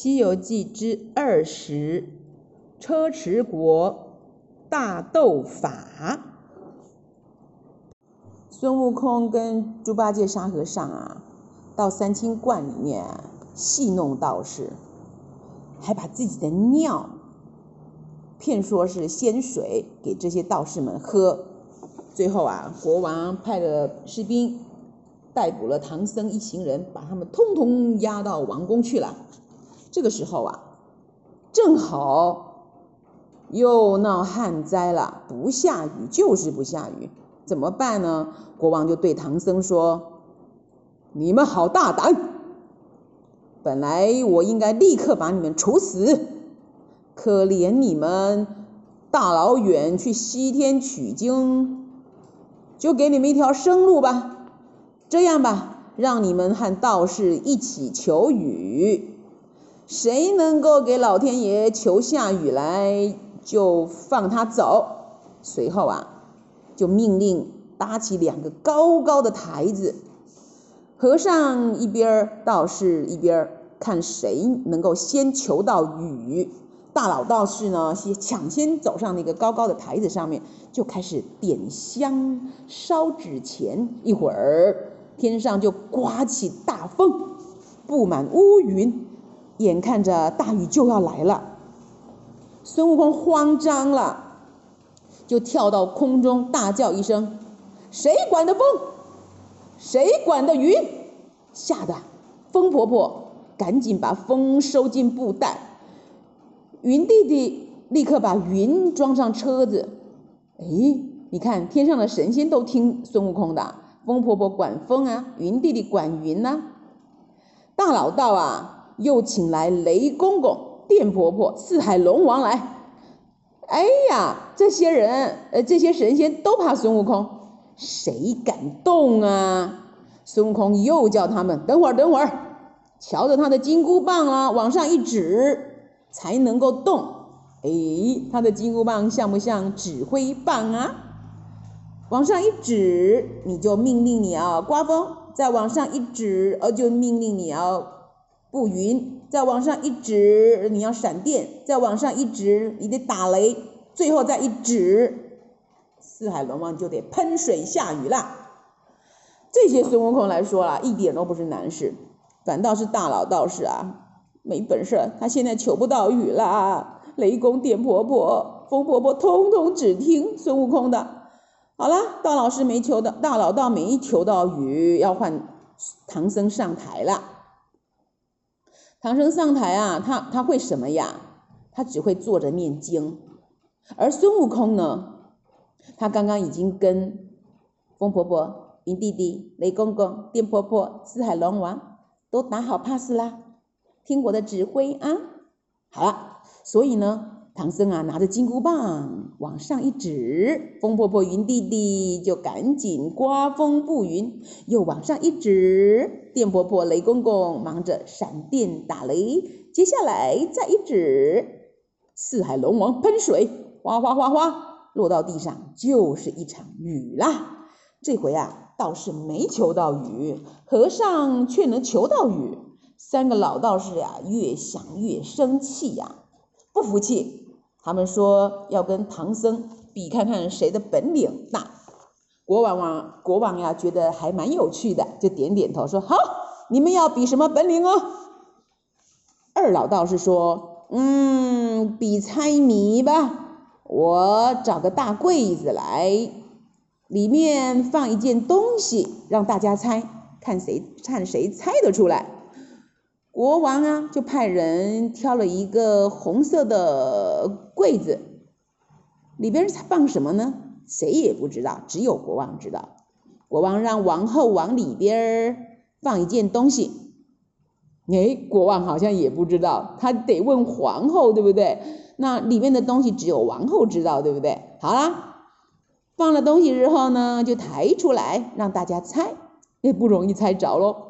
《西遊記》之二十，車遲國大鬥法，孫悟空跟豬八戒、沙和尚啊，到三清觀裡面戲弄道士，還把自己的尿騙說是仙水給這些道士們喝。最後啊，國王派了士兵逮捕了唐僧一行人，把他們通通押到王宮去了。這個時候啊，正好又鬧旱災了，不下雨就是不下雨，怎麼辦呢？國王就對唐僧說：“你們好大膽！本來我應該立刻把你們處死，可憐你們大老遠去西天取經，就給你們一條生路吧。這樣吧，讓你們和道士一起求雨。”誰能夠給老天爺求下雨來，就放他走。隨後啊，就命令搭起兩個高高的台子。和尚一邊，道士一邊，看誰能夠先求到雨。大老道士呢，先搶先走上那個高高的台子上面，就開始點香燒紙錢。一會兒，天上就颳起大風，佈滿烏雲。眼看着大雨就要來了，孫悟空慌張了，就跳到空中大叫一聲：“誰管的風？誰管的雲？”嚇得風婆婆趕緊把風收進布袋，雲弟弟立刻把雲裝上車子。誒，你看天上的神仙都聽孫悟空的，風婆婆管風啊，雲弟弟管雲呢、啊。大老道啊！又請來雷公公、電婆婆、四海龍王來。哎呀，這些人，呃，這些神仙都怕孫悟空，誰敢動啊？孫悟空又叫他們等會兒，等會兒，瞧着他的金箍棒啊，往上一指，才能夠動。哎，他的金箍棒像不像指揮棒啊？往上一指，你就命令你要颳風；再往上一指，呃，就命令你要不勻，再往上一指，你要閃電；再往上一指，你得打雷；最後再一指，四海龍王就得噴水下雨啦。這些孫悟空來說啦，一點都不是難事，反倒是大老道士啊沒本事，他現在求不到雨啦。雷公、電婆婆、風婆婆，通通只聽孫悟空的。好了，道老師沒求到，大老道沒求到雨，要換唐僧上台了。唐僧上台啊，他他會什麼呀？他只會坐着念經。而孫悟空呢，他剛剛已經跟風婆婆、雲弟弟、雷公公、電婆婆、四海龍王都打好 pass 啦，聽我的指揮啊！好了，所以呢，唐僧啊，拿着金箍棒。往上一指，風婆婆雲地地、雲弟弟就趕緊刮風布雲；又往上一指，電婆婆、雷公公忙着閃電打雷；接下來再一指，四海龍王噴水，嘩嘩嘩嘩，落到地上就是一場雨啦。這回啊，道士沒求到雨，和尚卻能求到雨。三個老道士呀、啊，越想越生氣呀、啊，不服氣。他們說要跟唐僧比，看看誰的本領大。國王王國王呀覺得還蠻有趣的，就點點頭說好。你們要比什麼本領哦？二老道士說，嗯，比猜謎吧。我找個大櫃子來，裡面放一件東西，讓大家猜，看誰看誰猜得出來。國王啊，就派人挑了一個紅色的櫃子，裡邊放什麼呢？誰也不知道，只有國王知道。國王讓王后往裡邊放一件東西。哎，國王好像也不知道，他得問皇後，對不對？那裡面的東西只有王后知道，對不對？好啦，放了東西之後呢，就抬出來讓大家猜，也不容易猜着嘍。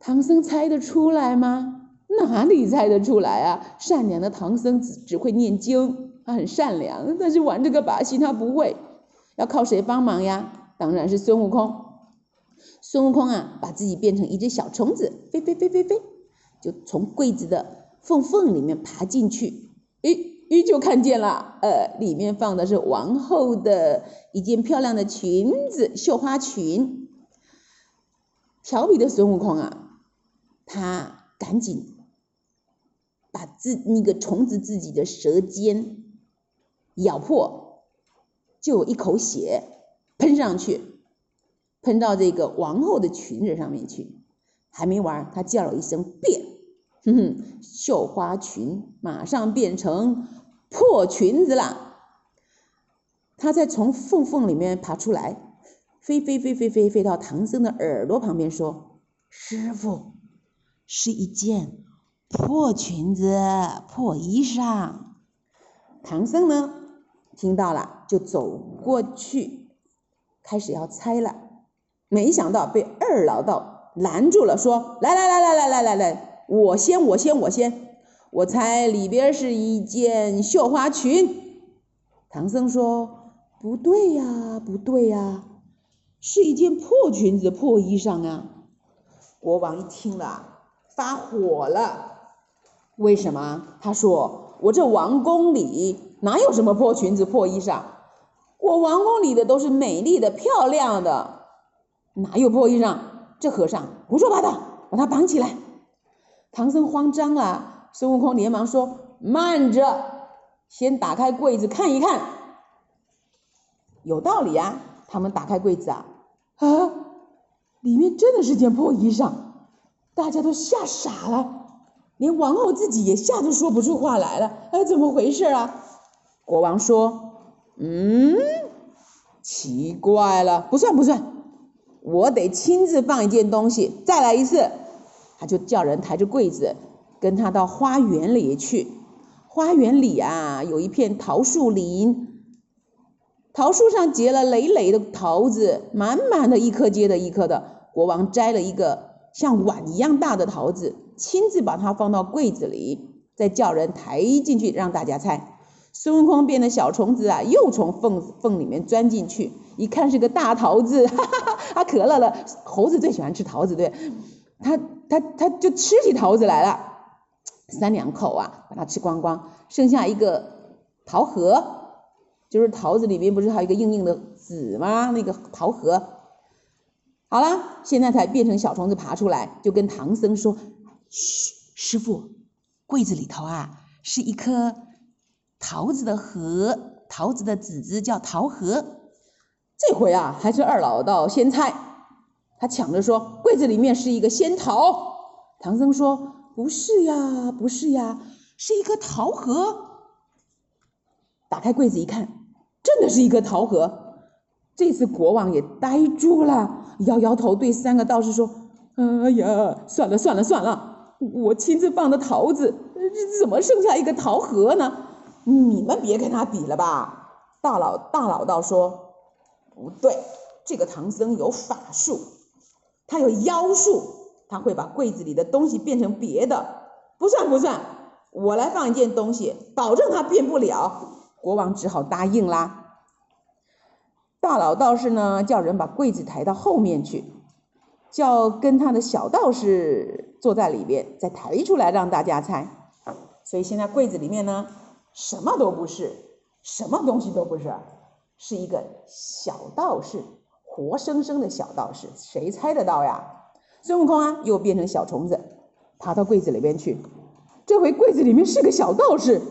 唐僧猜得出來嗎？哪裡猜得出來啊？善良的唐僧只只會念經，他很善良，但是玩這個把戲他不會。要靠誰幫忙呀？當然是孫悟空。孫悟空啊，把自己變成一隻小蟲子，飛飛飛飛飛，就從櫃子的縫縫裡面爬進去，咦咦，就看見了，呃，裡面放的是王後的一件漂亮的裙子，繡花裙。調皮的孫悟空啊！他趕緊把自那個蟲子自己的舌尖咬破，就一口血噴上去，噴到這個王後的裙子上面去。還沒完，他叫了一聲“變”，哼哼，繡花裙馬上變成破裙子了。他再從縫縫裡面爬出來，飛飛飛飛飛飛到唐僧的耳朵旁邊說：“師父。”是一件破裙子、破衣裳。唐僧呢，聽到了就走過去，開始要猜了。沒想到被二老道攔住了，說：“來來來來來來來來，我先我先我先，我猜裡邊是一件繡花裙。”唐僧說：“不對呀、啊，不對呀、啊，是一件破裙子、破衣裳啊。”國王一聽了。發火了，為什麼？他說：“我這王宮裡哪有什麼破裙子、破衣裳？我王宮裡的都是美麗的、漂亮的，哪有破衣裳？”這和尚胡說八道，把他綁起來。唐僧慌張了，孫悟空連忙說：“慢着，先打開櫃子看一看。”有道理啊！他們打開櫃子啊，啊，裡面真的是件破衣裳。大家都嚇傻了，連王后自己也嚇得說不出話來了。哎，怎麼回事啊？國王說：“嗯，奇怪了，不算不算，我得親自放一件東西，再來一次。”他就叫人抬着櫃子，跟他到花園裡去。花園裡啊，有一片桃樹林，桃樹上結了累累的桃子，滿滿的一顆接着一顆的。國王摘了一個。像碗一樣大的桃子，親自把它放到櫃子裡，再叫人抬進去讓大家猜。孫悟空變的小蟲子啊，又從縫縫裡面鑽進去，一看是個大桃子，哈哈哈哈，他可樂了。猴子最喜歡吃桃子，對，他他他就吃起桃子來了，三兩口啊，把它吃光光，剩下一個桃核，就是桃子裡面不是還有一個硬硬的籽嗎？那個桃核。好了，現在才變成小蟲子爬出來，就跟唐僧說：“噓，師傅，櫃子裡頭啊是一顆桃子的核，桃子的籽子叫桃核。這回啊還是二老道先猜，他搶着說櫃子裡面是一個仙桃。”唐僧說：“不是呀，不是呀，是一顆桃核。”打開櫃子一看，真的是一顆桃核。這次國王也呆住了。搖搖頭，對三個道士說：“哎呀，算了算了算了，我親自放的桃子，怎麼剩下一個桃核呢？你們別跟他比了吧。”大老大老道說：“不對，這個唐僧有法術，他有妖術，他會把櫃子裡的東西變成別的，不算不算。我來放一件東西，保證他變不了。”國王只好答應啦。大老道士呢，叫人把櫃子抬到後面去，叫跟他的小道士坐在裡邊，再抬出來讓大家猜。所以現在櫃子裡面呢，什麼都不是，什麼東西都不是，是一個小道士，活生生的小道士。誰猜得到呀？孫悟空啊，又變成小蟲子，爬到櫃子裡面去。這回櫃子裡面是個小道士，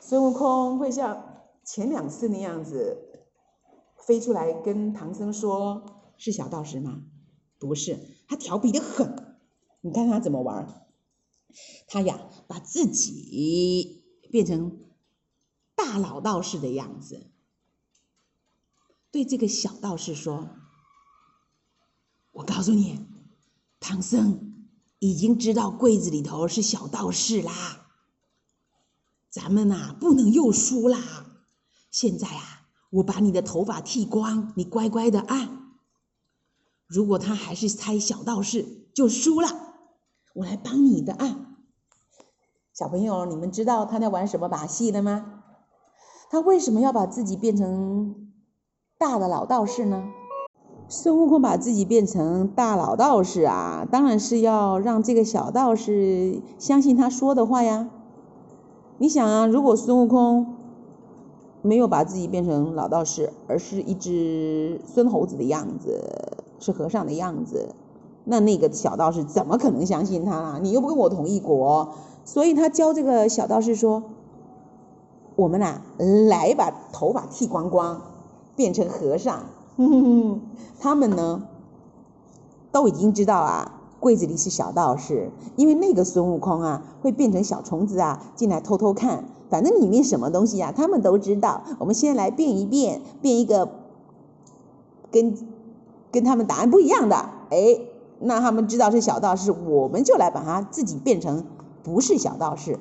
孫悟空會像前兩次那樣子。飛出來跟唐僧說：“是小道士嗎？不是，他調皮的很。你看他怎麼玩？他呀，把自己變成大老道士的樣子，對這個小道士說：‘我告訴你，唐僧已經知道櫃子裡頭是小道士啦。咱們吶，不能又輸啦，現在啊。我把你的頭髮剃光，你乖乖的啊！如果他還是猜小道士，就輸了。我來幫你的啊，小朋友，你們知道他在玩什麼把戲的嗎？他為什麼要把自己變成大的老道士呢？孫悟空把自己變成大老道士啊，當然是要讓這個小道士相信他說的話呀。你想啊，如果孫悟空……沒有把自己變成老道士，而是一隻孫猴子的樣子，是和尚的樣子。那那個小道士怎麼可能相信他啊？你又不跟我同一國，所以他教這個小道士說：“我們吶、啊，來把頭髮剃光光，變成和尚。呵呵”他們呢，都已經知道啊。櫃子裡是小道士，因為那個孫悟空啊會變成小蟲子啊進來偷偷看，反正裡面什麼東西呀他們都知道。我們先來變一變，變一個跟跟他們答案不一樣的，哎，那他們知道是小道士，我們就來把他自己變成不是小道士，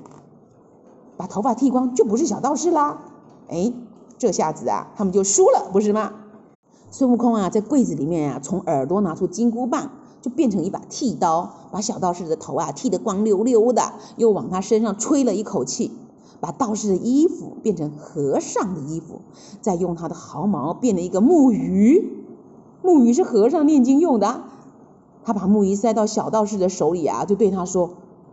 把頭髮剃光就不是小道士啦。哎，這下子啊他們就輸了，不是嗎？孫悟空啊在櫃子裡面啊從耳朵拿出金箍棒。就變成一把剃刀，把小道士的頭啊剃得光溜溜的，又往他身上吹了一口氣，把道士的衣服變成和尚的衣服，再用他的毫毛變了一個木魚，木魚是和尚念經用的。他把木魚塞到小道士的手裡啊，就對他說：“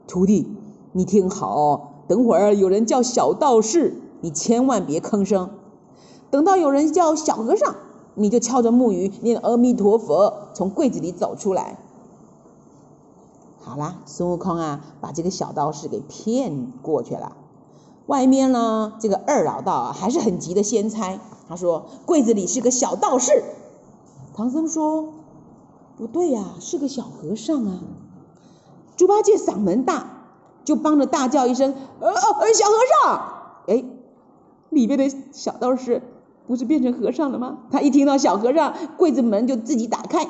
徒弟，你聽好哦，等會兒有人叫小道士，你千萬別吭聲；等到有人叫小和尚，你就敲着木魚念阿彌陀佛，從櫃子裡走出來。”好啦，孫悟空啊，把這個小道士給騙過去了。外面呢，這個二老道啊，還是很急的先猜，他說櫃子裡是個小道士。唐僧說，不對呀，啊，是個小和尚啊。豬八戒嗓門大，就幫着大叫一聲，呃，呃，小和尚。哎，裡面的小道士不是變成和尚了嗎？他一聽到小和尚，櫃子門就自己打開，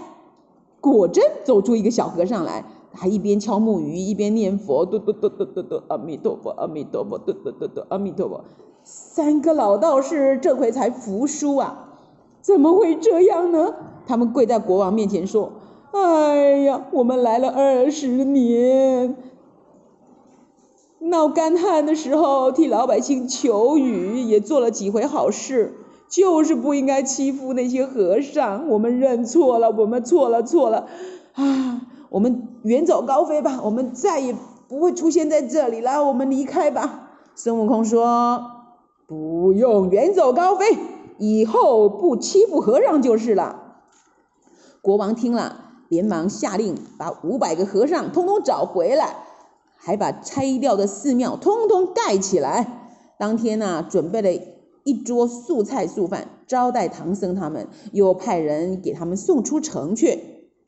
果真走出一個小和尚來。還一邊敲木魚，一邊念佛，嘟嘟嘟嘟嘟嘟，阿彌陀佛，阿彌陀佛，嘟嘟嘟嘟，阿彌陀佛。三個老道士這回才服輸啊！怎麼會這樣呢？他們跪在國王面前說：“哎呀，我們來了二十年，鬧乾旱的時候替老百姓求雨，也做了幾回好事，就是不應該欺負那些和尚。我們認錯了，我們錯了，錯了。啊，我們。”遠走高飛吧，我們再也不會出現在這裡了。我們離開吧。孫悟空說：“不用遠走高飛，以後不欺負和尚就是了。”國王聽了，連忙下令把五百個和尚通通找回來，還把拆掉的寺廟通通蓋起來。當天呢、啊，準備了一桌素菜素飯招待唐僧他們，又派人給他們送出城去。